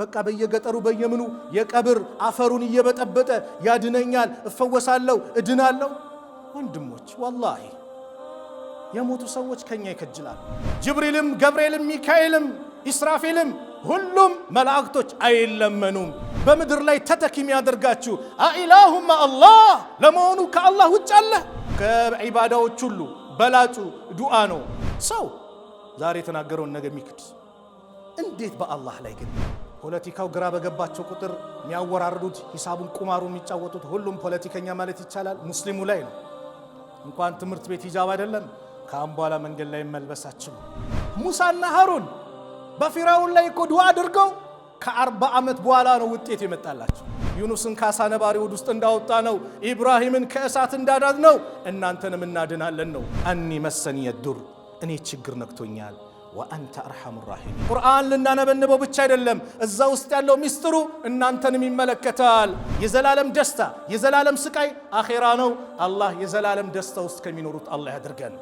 በቃ በየገጠሩ በየምኑ የቀብር አፈሩን እየበጠበጠ ያድነኛል፣ እፈወሳለሁ፣ እድናለሁ። ወንድሞች ወላሂ የሞቱ ሰዎች ከኛ ይከጅላል። ጅብሪልም፣ ገብርኤልም፣ ሚካኤልም፣ ኢስራፊልም ሁሉም መላእክቶች አይለመኑም። በምድር ላይ ተተኪ የሚያደርጋችሁ አኢላሁማ አላህ ለመሆኑ ከአላህ ውጭ አለ? ከዒባዳዎች ሁሉ በላጩ ዱዓ ነው። ሰው ዛሬ የተናገረውን ነገ የሚክድ እንዴት በአላህ ላይ ግን ፖለቲካው ግራ በገባቸው ቁጥር የሚያወራርዱት ሂሳቡን ቁማሩ የሚጫወቱት ሁሉም ፖለቲከኛ ማለት ይቻላል ሙስሊሙ ላይ ነው። እንኳን ትምህርት ቤት ሂጃብ አይደለም ከአም በኋላ መንገድ ላይ መልበሳችም። ሙሳና ሀሩን በፊራውን ላይ እኮ ዱዓ አድርገው ከአርባ ዓመት በኋላ ነው ውጤት የመጣላቸው። ዩኑስን ከአሳ ነባሪ ውስጥ እንዳወጣ ነው፣ ኢብራሂምን ከእሳት እንዳዳድ ነው፣ እናንተንም እናድናለን ነው። አኒ መሰን ዱር እኔ ችግር ነክቶኛል ወአንተ አርሐሙ ራሒም። ቁርአን ልናነበንበው ብቻ አይደለም፣ እዛ ውስጥ ያለው ሚስጥሩ እናንተንም ይመለከታል። የዘላለም ደስታ የዘላለም ስቃይ አኼራ ነው። አላህ የዘላለም ደስታ ውስጥ ከሚኖሩት አላህ ያድርገን።